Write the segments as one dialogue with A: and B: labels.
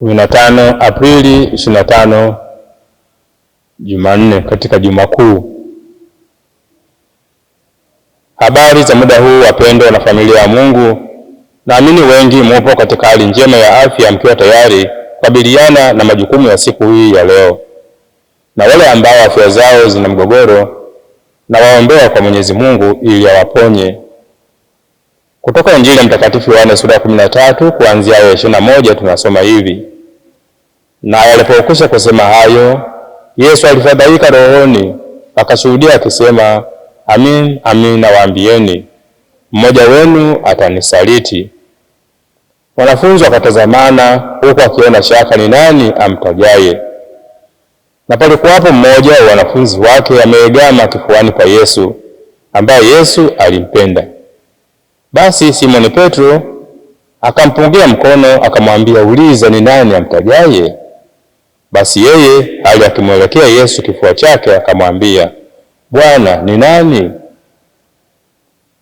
A: 15 Aprili 25 Jumanne, katika juma kuu. Habari za muda huu, wapendwa na familia ya Mungu, naamini wengi mupo katika hali njema ya afya, mkiwa tayari kukabiliana na majukumu ya siku hii ya leo, na wale ambao afya zao zina mgogoro, na waombea kwa Mwenyezi Mungu ili awaponye. Kutoka Injili ya Mtakatifu Yohane sura ya 13 kuanzia aya 21 tunasoma hivi: na alipokwisha kusema hayo, Yesu alifadhaika rohoni, akashuhudia akisema, amin amin, nawaambieni mmoja wenu atanisaliti. Wanafunzi wakatazamana, huku akiona shaka ni nani amtajaye. Na palikuwapo mmoja wa wanafunzi wake ameegama kifuani pa Yesu, ambaye Yesu alimpenda. Basi Simoni Petro akampungia mkono, akamwambia, uliza ni nani amtajaye. Basi yeye aliyakimwelekea Yesu kifua chake akamwambia, Bwana, ni nani?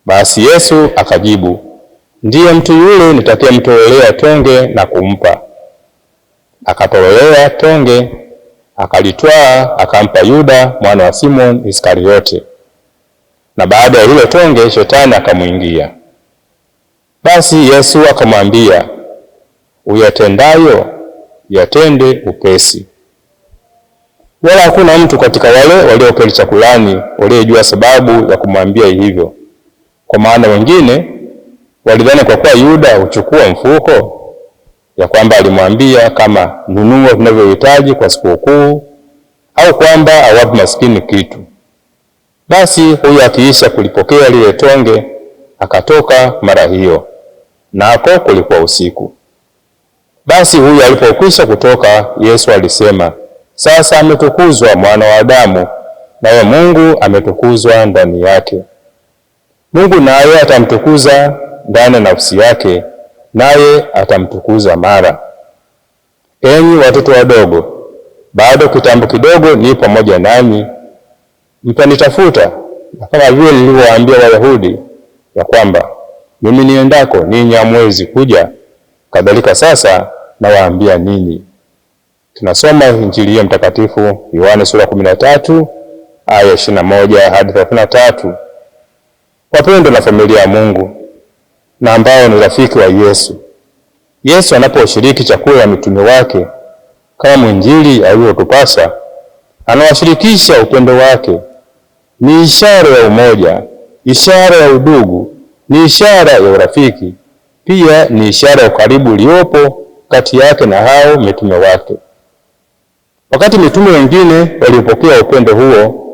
A: Basi Yesu akajibu, ndiye mtu yule nitakayemtolea tonge na kumpa. Akatololea tonge, akalitwaa, akampa Yuda mwana wa Simon Iskariote. Na baada ya hilo tonge, shetani akamwingia. Basi Yesu akamwambia, uyatendayo yatende upesi. Wala hakuna mtu katika wale walioketi chakulani waliyejua sababu ya kumwambia hivyo, kwa maana wengine walidhani kwa kuwa Yuda huchukua mfuko, ya kwamba alimwambia kama nunua tunavyohitaji kwa sikukuu, au kwamba awape maskini kitu. Basi huyo akiisha kulipokea lile tonge akatoka mara hiyo, nako kulikuwa usiku. Basi huyu alipokwisha kutoka, Yesu alisema, sasa ametukuzwa mwana wa Adamu, naye Mungu ametukuzwa ndani yake. Mungu naye atamtukuza ndani ya nafsi yake, naye atamtukuza mara. Enyi watoto wadogo, bado kitambo kidogo ni pamoja nanyi, mtanitafuta, na kama vile nilivyowaambia Wayahudi ya kwamba mimi niendako ninyi hamwezi kuja Kadhalika sasa nawaambia ninyi. Tunasoma injili ya mtakatifu Yohane sura kumi na tatu aya ishirini na moja hadi thelathini na tatu. Wapendwa na familia ya Mungu na ambao ni rafiki wa Yesu, Yesu anaposhiriki chakula ya mitume wake kama mwinjili alivyotupasa, anawashirikisha upendo wake. Ni ishara ya umoja, ishara ya udugu, ni ishara ya urafiki pia ni ishara ya ukaribu uliopo kati yake na hao mitume wake. Wakati mitume wengine waliopokea upendo huo,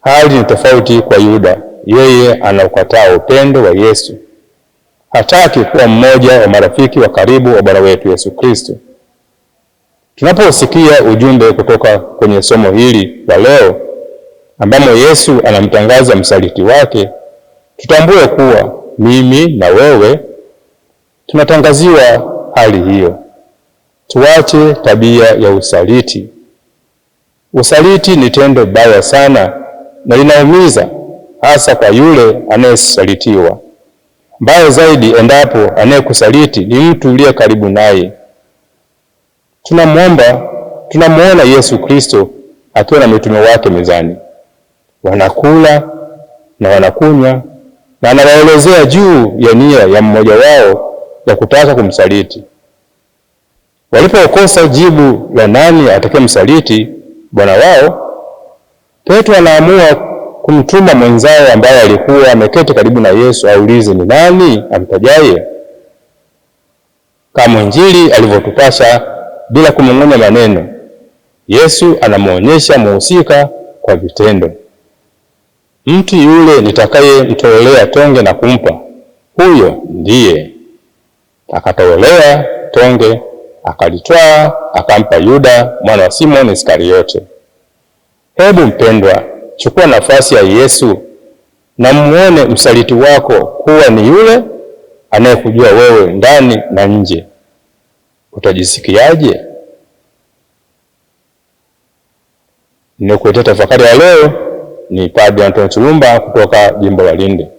A: hali ni tofauti kwa Yuda. Yeye anaukataa upendo wa Yesu, hataki kuwa mmoja wa marafiki wa karibu wa Bwana wetu Yesu Kristo. Tunaposikia ujumbe kutoka kwenye somo hili la leo ambamo Yesu anamtangaza msaliti wake, tutambue kuwa mimi na wewe Tunatangaziwa hali hiyo, tuache tabia ya usaliti. Usaliti ni tendo baya sana na linaumiza, hasa kwa yule anayesalitiwa. Mbaya zaidi endapo anayekusaliti ni mtu uliye karibu naye. Tunamwomba, tunamwona Yesu Kristo akiwa na mitume wake mezani, wanakula na wanakunywa, na anawaelezea juu ya nia ya mmoja wao ya kutaka kumsaliti. Walipokosa jibu la nani msaliti bwana wao, Petro anaamua kumtuma mwenzao ambaye alikuwa ameketi karibu na Yesu aulize ni nani amtajaye, kama Injili alivyotupasha bila kumung'unya maneno. Yesu anamwonyesha muhusika kwa vitendo. Mtu yule nitakaye mtolea tonge na kumpa, huyo ndiye akatolewa tonge akalitwaa akampa Yuda mwana wa Simoni Iskariote. Hebu mpendwa, chukua nafasi ya Yesu na muone msaliti wako kuwa ni yule anayekujua wewe ndani na nje. Utajisikiaje? Nikuletea tafakari ya leo ni Padre Anthony Chilumba kutoka jimbo la Lindi.